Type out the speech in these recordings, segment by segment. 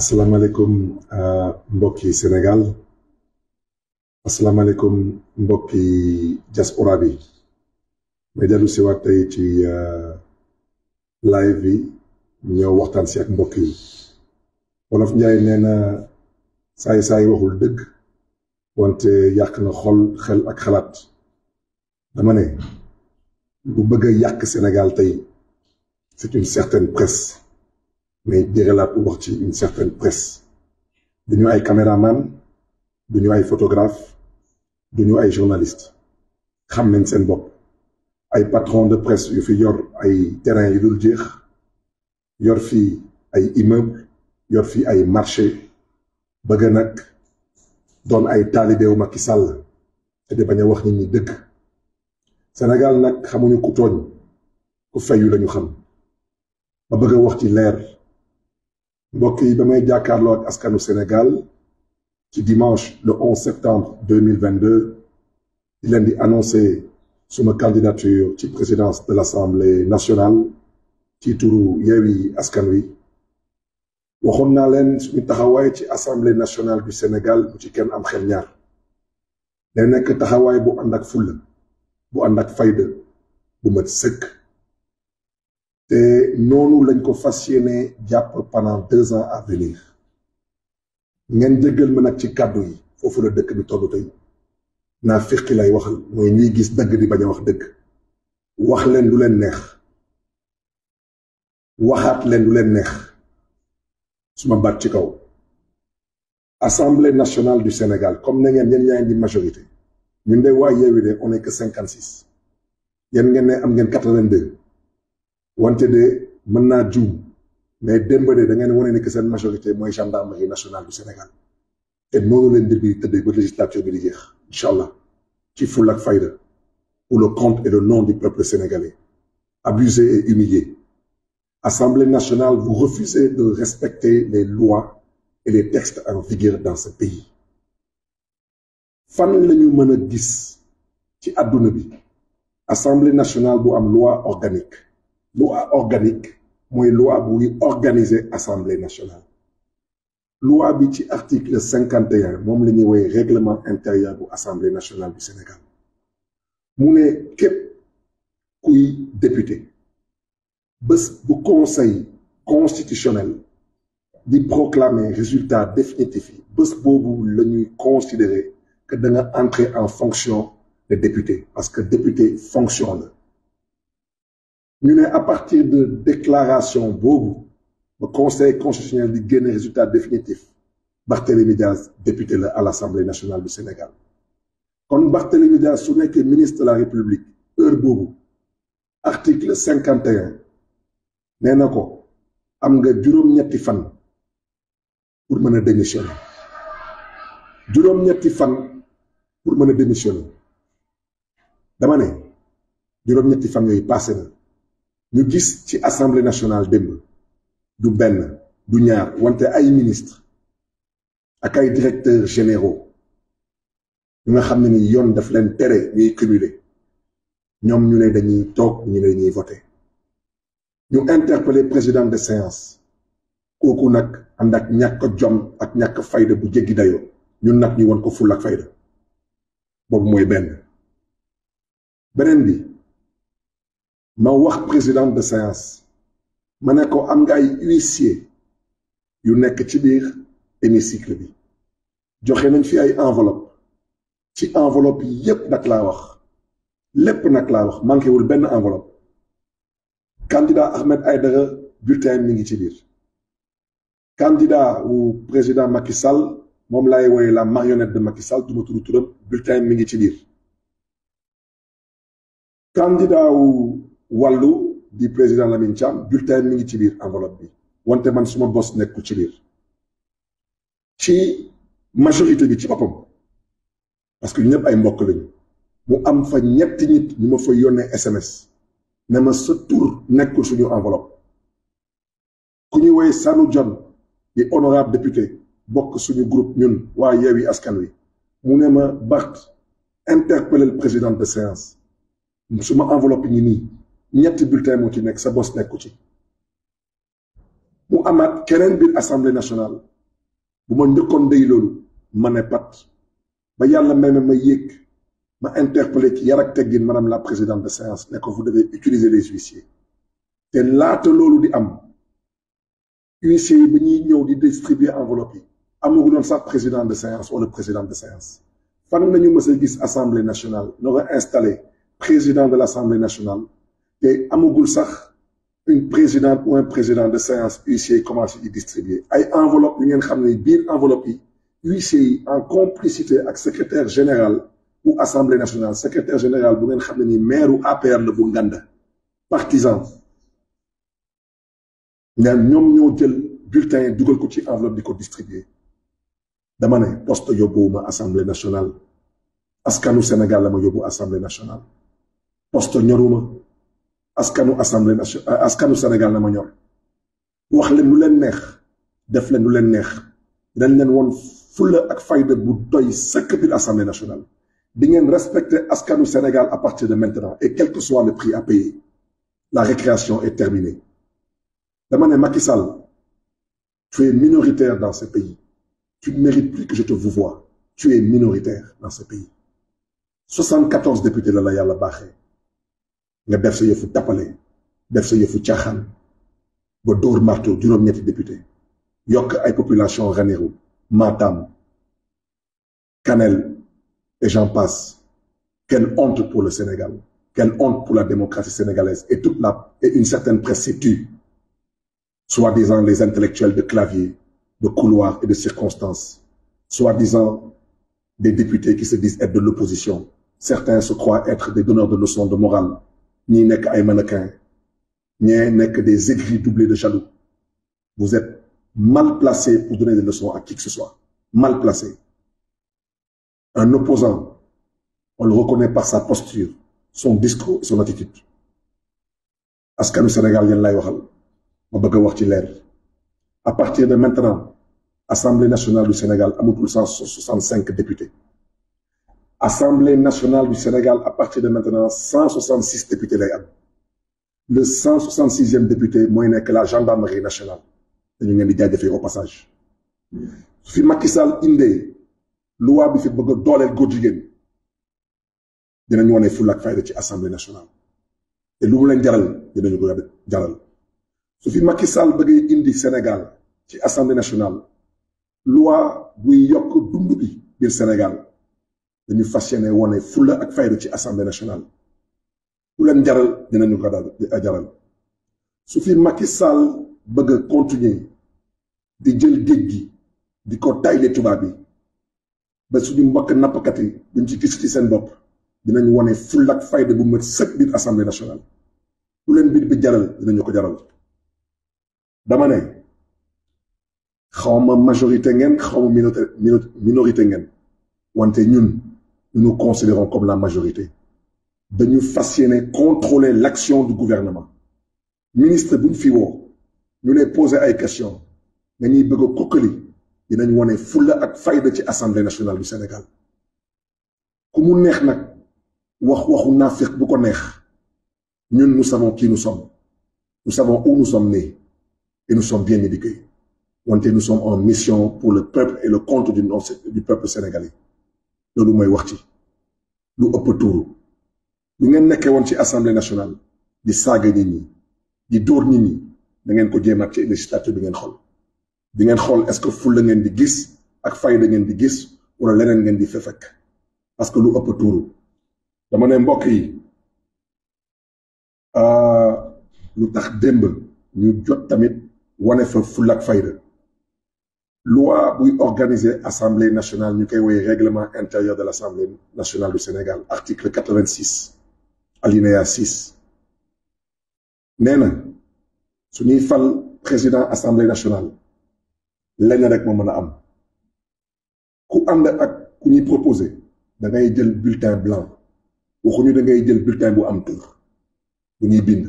asalaamaaleykum euh, mbokki Sénégal asalaamaaleykum mbokki diaspora bi may dellu siwaat waat tey ci euh, live bi ñëw waxtaan si ak mbokk yi wolof Njaay nee na saay saay waxul dëgg wante yàq na xol xel ak xalaat dama ne bu bëgg a yàq Sénégal tey c'est une certaine presse mais jëralaat wax ci une certaine presse du ñu ay caméraman du ñu ay photographe du ñu ay journaliste xam nañ seen bopp ay patron de presse yu fi yor ay terrain yu dul jeex yor fi ay immeuble yor fi ay marché bëgg nag doon ay taalibeewu Macky Sall te di bañ wax nit ñi dëkk Sénégal nag xamuñu ku tooñ ku fayu lañu xam ma bëgg wax ci leer mbokk yi damay jàkkaarloo ak askanu Sénégal ci dimanche le 11 septembre 2022 di leen di annoncé suma candidature ci présidence de l'Assemblée nationale ci turu Yewwi Askan Wi waxoon naa leen suñu taxawaay ci Assemblée nationale du Sénégal bu ci kenn am xel ñaar day nekk taxawaay bu ànd ak fulla bu ànd ak fayda bu mat sëkk te noonu lañ ko fas yéene jàpp pendant deux ans à ngeen jëggal ma nag ci kàddu yi foofu la dëkk bi tollu tey naa fiqi lay waxal mooy ñuy gis dëgg di bañ a wax dëgg wax leen lu leen neex waxaat leen lu leen neex suma baat ci kaw assemblée nationale du Sénégal comme na ngeen yéen ñaa ngi di majorité ñun de waa Yewwi de on nekk que cinquante six ngeen ne am ngeen quatre vingt wante de mën naa juum mais démb de da ngeen wane ne que seen majorité mooy gendarmerie nationale du Sénégal te noonu leen mbir bi tëddee ba législature bi di jeex allah ci fulla ak fayda pour le compte et le nom du peuple sénégalais abusé et humilié Assemblée nationale vous refusez de respecter les lois et les textes en vigueur dans ce pays fan la mën a gis ci àdduna bi Assemblée nationale bu am loi organique loi organique mooy loi buy organiser assemblée nationale loi bi ci article cinquante et moom la ñuy woowee règlement intérieur bu assemblée nationale du Sénégal mu ne képp kuy député bés bu conseil constitutionnel di proclamer résultat définitif yi bés boobu la ñuy considérer que da nga entrer en fonction de député parce que député fonction la ñu ne à partir de déclaration boobu ba conseil constitutionnel di génne résultat définitif Barthélémy Diaz député la à l' assemblée nationale du Sénégal kon Barthélémy Diaz su nekkee ministre de la république heure boobu article cinquante et un nee na ko am nga juróom-ñetti fan pour mën a démissionner juróom-ñetti fan pour mën a démissionner dama ne juróom-ñetti fan yooyu passé na. ñu gis ci assemblée nationale démb du benn du ñaar wante ay ministre ak ay directeurs généraux ñu nga xam ne ni yoon daf leen tere ñuy cumuler ñoom ñu ne dañuy toog ñu ne ñuy voter ñu interpellé président de séance kooku nag ànd ak ñàkk jom ak ñàkk fayda bu jéggi dayoo ñun nag ñu won ko ful ak fayda boobu mooy benn beneen bi ma wax président de séance ma ne am nga ay huissier yu nekk ci biir hémicycle bi joxe nañ fi ay enveloppe ci enveloppe yi yépp nag laa wax lépp nag laa wax manqué wul benn enveloppe candidat Ahmed Aïdara bulletin mi ngi ci biir candidat wu président Macky Sall moom laay woye la marionnette de Macky Sall duma tudd turam bulletin mi ngi ci biir candidat wàllu di président Lamine Thiam bulletin mi ngi ci biir enveloppe bi wante man suma bos nekkul ci biir ci majorité bi ci boppam parce que ñëpp ay mbokk lañu mu am fa ñetti nit ñu ma fa yónnee SMS ne ma sa nekkul suñu enveloppe ku ñuy woy Sanu John di honorable député bokk suñu groupe ñun waa Yewwi Askan Wi mu ne ma Bart interpellé le président de séance su ma enveloppe ñi nii ñetti bulletin moo ci nekk sa bos nekku ci mu amaat keneen biir assemblée nationale bu ma njëkkoon day loolu ma ne pat ba yàlla may ma ma yëg ma interpellé ci yar ak teggin la présidente de séance ne ko vous devez utiliser les huissiers te laata loolu di am huissiers yi ñuy ñëw di distribuer enveloppe yi amagu doon sax président de séance wala président de séance fan nañu mës a gis assemblée nationale noo ko installé président de l' assemblée nationale te amagul sax une présidente ou un président de séance huissier commencé di distribuer ay enveloppe yi ngeen xam ne biir enveloppe yi huissier en complicité ak secrétaire général bu assemblée nationale secrétaire général bu ngeen xam ne ni mairu APR bu Nganda partisan ñaan ñoom ñoo jël bulletin yi dugal ko ci enveloppe di ko distribuer dama ne poste yóbbuwuma assemblée nationale askanu Sénégal la ma yóbbu assemblée nationale poste ñoruma askanu assemblée nationale euh, askanu Sénégal na ma ñor wax leen lu leen neex def leen lu leen neex dañ leen woon fulla ak fayda bu doy sëkk biir assemblée nationale di ngeen respecter askanu Sénégal à partir de maintenant et quel que soit le prix à payer la récréation est terminée dama ne Macky Sall tu es minoritaire dans ce pays tu ne mérites plus que je te vouvoie tu es minoritaire dans ce pays la la yàlla baaxee nga def sa yëfu tappale def sa yëfu caaxaan ba dóor marto juróom-ñetti député yokk ay population Ranérou Matam Kanel et j'en passe quelle honte pour le Sénégal quelle honte pour la démocratie sénégalaise et toute la et une certaine presse s'y tue soi-disant les intellectuels de clavier de couloir et de circonstance soi-disant des députés qui se disent être de l'opposition certains se croient être des donneurs de leçons de morale ñi nekk ay mannequins ñee nekk des aiguilles doublées de jaloux vous êtes mal placé pour donner des leçons à qui que ce soit mal placé un opposant on le reconnaît par sa posture son discours son attitude askanu Sénégal yéen lay waxal ma bëgg a wax ci leer à partir de maintenant Assemblée nationale du Sénégal amatul 165 députés assemblée nationale du Sénégal à partir de maintenant cent soixante six députés lay am le cent soixante sixième député mooy nekk la gendarmerie nationale dañu ngeen di jaajëfee au passage su fi Macky Sall indee bi fi bëgg a dooleel góor jigéen dinañ wane fulla ak fayda ci assemblée nationale te lu mu leen jaral dinañu ko jaral su fi Macky Sall bëggee indi Sénégal ci assemblée nationale luwa buy yokk dund bi Sénégal dañu fas yéene wone fulla ak fayda ci assemblée nationale ku leen jaral dinañu ko daal jaral su fi Macky Sall bëgg a continuer di jël géej gi di ko tayle tubaab yi ba suñu mbokk nappkat yi duñ ci gis ci seen bopp dinañ wone fulla ak fayda bu mat sëkk biir assemblée nationale ku leen biir bi jaral dinañu ko jaral dama ne xawma majorité ngeen xawma minorité ngeen wante ñun nous nous considérons comme la majorité dañu fas yéene contrôler l'action du gouvernement ministre bu ñu fi woo ñu lay poser ay questions nga ñuy bëgg a kokkali dinañ wane fulla ak fayda ci assemblée nationale du Sénégal ku mu neex nag wax waxu naafiq bu ko neex ñun nous savons qui nous sommes nous savons où nous sommes nés et nous sommes bien éduqués wante nous sommes en mission pour le peuple et le compte du peuple sénégalais. loolu mooy wax ci lu ëpp tuuru lu ngeen nekkee woon ci assemblée nationale di saaga nit ñi di dóor nit ñi da ngeen ko jéemaat ci législature bi ngeen xool di ngeen xool est-ce que fulla ngeen di gis ak fayda ngeen di gis wala leneen ngeen di fefekk parce que lu ëpp tuuru dama ne mbokk yi ah, lu tax démb ñu jot tamit wane fa fulla ak fayda loi buy organiser assemblée nationale ñu koy woowee règlement intérieur de l' assemblée nationale du Sénégal article quatre vingt six alinéa six nee na su ñuy fal président assemblée nationale lenn rek moom mën a am ku ànd ak ku ñuy proposé da ngay jël bulletin blanc waxuñu da ngay jël bulletin bu am tur bu ñuy bind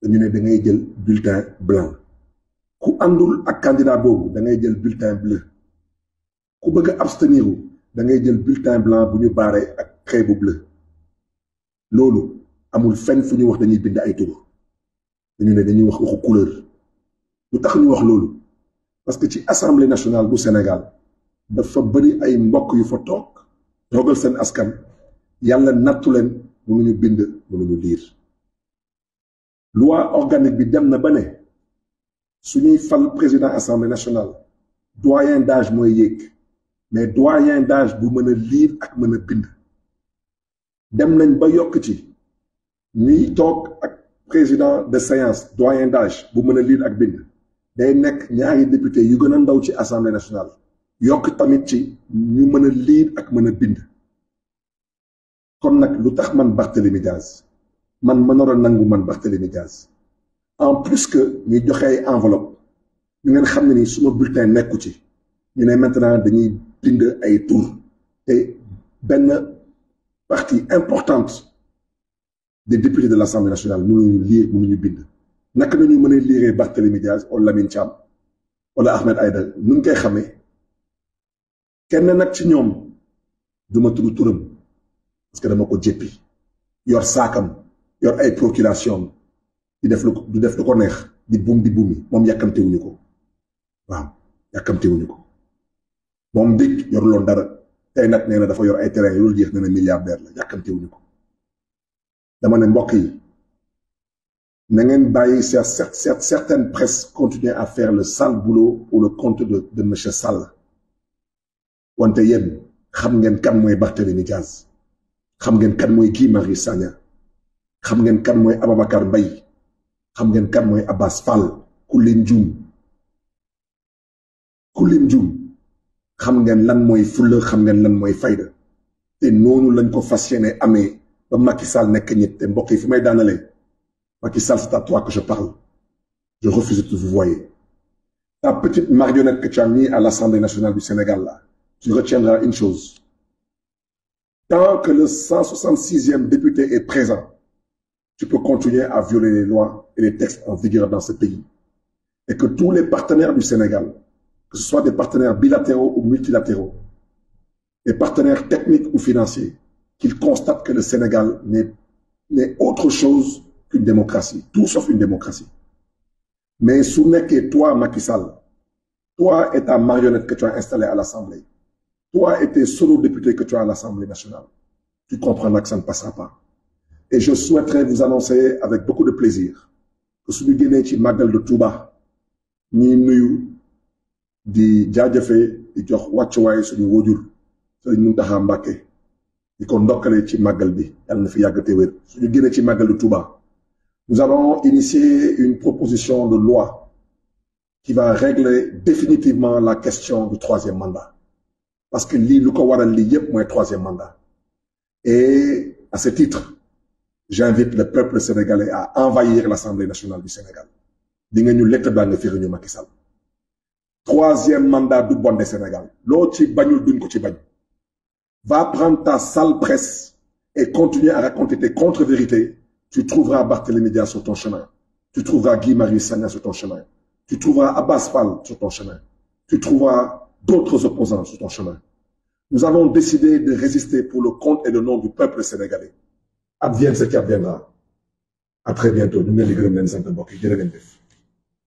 dañu ne da ngay jël bulletin blanc. ku àndul ak candidat boobu da jël bulletin bleu ku bëgg a dangay jël bulletin blanc bu ñu baaree ak xëy bu bleu loolu amul fenn fu ñuy wax dañuy bind ay tur dañu ne dañuy wax waxu couleur lu tax ñu wax loolu parce que ci assemblée nationale bu Sénégal dafa bëri ay mbokk yu fa toog toogal seen askan yàlla nattu leen mënuñu bind mënuñu liir loi organique bi dem na ba ne su ñuy fal président assemblée nationale doyen d'âge mooy yéeg mais doyen dage bu mën a lire ak mën a bind dem nañ ba yokk ci ñuy toog ak président de séance doyen d'âge bu mën a lire ak bind day nekk ñaari député yu gën a ndaw ci assemblée nationale yokk tamit ci ñu mën a lire ak mën a bind kon nag lu tax man Barthélémy Dias man ma nar a nangu man Barthélémy Dias en plus que ñuy joxe ay enveloppe ñu ngeen xam ne ni suma bulletin nekku ci ñu ne maintenant dañuy bind ay tour te benn partie importante des députés de l'Assemblée nationale mënuñu lire mënuñu bind naka ñu mën a liiree Barthélémy Diaz wala Lamine Thiam wala Ahmed Aïdara nu ñu koy xamee kenn nag ci ñoom duma tudd turam parce que dama ko jéppi yor saakam yor ay procuration di def lu du def lu ko neex di buum di buumi moom yàkkamtewuñu ko waaw yàkkamtewuñu ko moom dëkk yoruloon dara tey nag nee na dafa yor ay terrain yu dul jeex nee na milliardaire la yàkkamtewuñu ko dama ne mbokk yi na ngeen bàyyi certaines certaines presse continuer à faire la sale boulot pour le compte de de monsieur Sall wante yéen xam ngeen kan mooy Barthélémy Diaz xam ngeen kan mooy Guy Marius Sagna xam ngeen kan mooy Ababacar Mbaye xam ngeen kam mooy Abbas Fall ku leen juum ku xam ngeen lan mooy fulla xam ngeen lan mooy fayda te noonu lañ ko fas yéene amee ba Macky Sall nekk ñit te mbokk yi fi may daanalee Macky Sall c'est à toi que je parle je refuse de vous voir ta petite marionnette que tu as mis l'Assemblée nationale du Sénégal là tu retiendras une chose tant que le 166e député est présent tu peux continuer à violer les lois et les textes en vigueur dans ce pays. Et que tous les partenaires du Sénégal, que ce soit des partenaires bilatéraux ou multilatéraux, des partenaires techniques ou financiers, qu'ils constatent que le Sénégal n'est autre chose qu'une démocratie, tout sauf une démocratie. Mais su nekkee toi Macky Sall, toi et ta marionnette que tu as installée à l'Assemblée, toi et tes solo députés que tu as à l'Assemblée nationale, et je souhaiterais vous annoncer avec beaucoup de plaisir que suñu génnee ci màggal de Touba ñuy nuyu di jaajëfee di jox wàccuwaay suñu wójur Sëriñ Muntaxa Mbàkke di ko ndokkale ci màggal bi yàlla na fi yàgg te wér suñu génnee ci màggal de Touba nous allons initier une proposition de loi qui va régler définitivement la question du troisième mandat parce que lii lu ko waral lii yépp mooy troisième mandat et à ce titre j'invite le peuple sénégalais à envahir l'Assemblée nationale du Sénégal di nga ñu lett baa nga firi ñu Macky Sall troisième mandat du bonde Sénégal loo ci bañul duñ ko ci bañ va prendre ta sale presse et continuer à raconter tes contre-vérités tu trouveras Barthélémy Dias sur ton chemin tu trouveras Guy Marius Sagna sur ton chemin tu trouveras Abbas Fall sur ton chemin tu trouveras d'autres opposants sur ton chemin nous avons décidé de résister pour le compte et le advienne ce qui adviendra à très bientôt ñu ngi leen di gërëm leen sant mbokk yi jërë ngeen jëf